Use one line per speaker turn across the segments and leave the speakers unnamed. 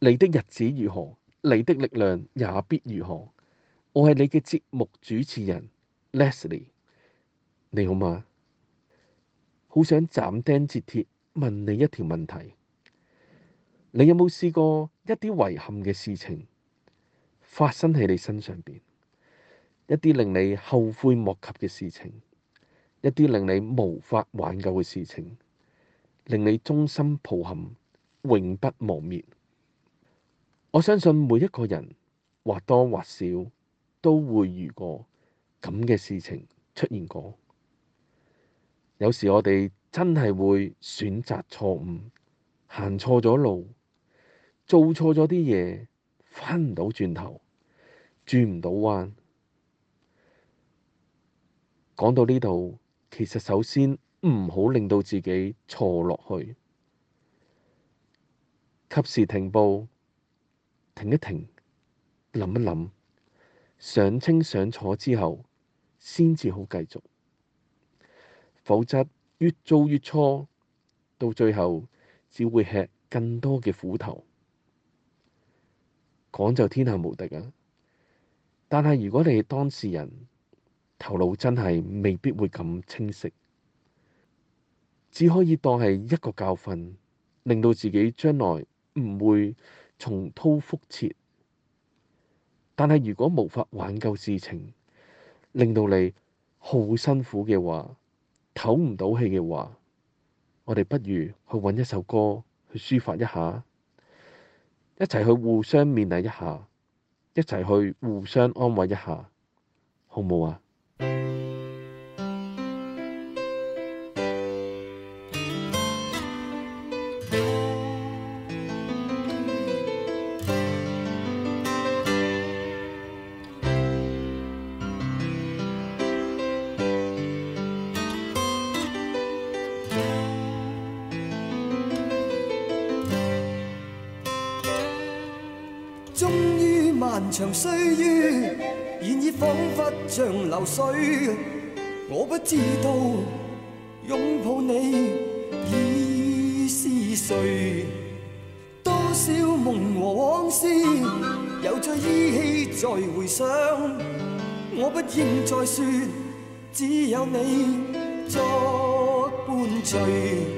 你的日子如何？你的力量也必如何。我係你嘅節目主持人 Leslie，你好嘛？好想斬釘截鐵問你一條問題：你有冇試過一啲遺憾嘅事情發生喺你身上邊？一啲令你後悔莫及嘅事情，一啲令你無法挽救嘅事情，令你終身抱憾，永不磨滅。我相信每一個人或多或少都會遇過咁嘅事情出現過。有時我哋真係會選擇錯誤，行錯咗路，做錯咗啲嘢，翻唔到轉頭，轉唔到彎。講到呢度，其實首先唔好令到自己錯落去，及時停步。停一停，諗一諗，想清想楚之後，先至好繼續。否則越做越錯，到最後只會吃更多嘅苦頭。講就天下無敵啊！但係如果你係當事人，頭腦真係未必會咁清晰，只可以當係一個教訓，令到自己將來唔會。重蹈覆轍，但係如果無法挽救事情，令到你好辛苦嘅話，唞唔到氣嘅話，我哋不如去揾一首歌去抒發一下，一齊去互相勉勵一下，一齊去互相安慰一下，好唔好啊？
漫長歲月，現已彷彿像流水。我不知道擁抱你已是誰。多少夢和往事，又再依稀在回想。我不應再説，只有你作伴隨。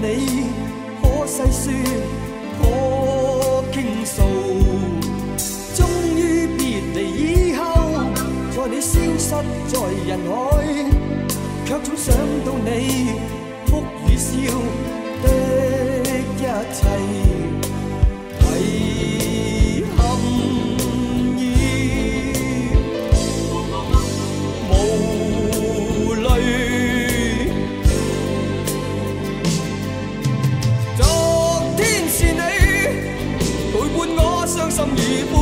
你可細說，可傾訴，終於別離以後，在你消失在人海，卻總想到你哭與笑的一切。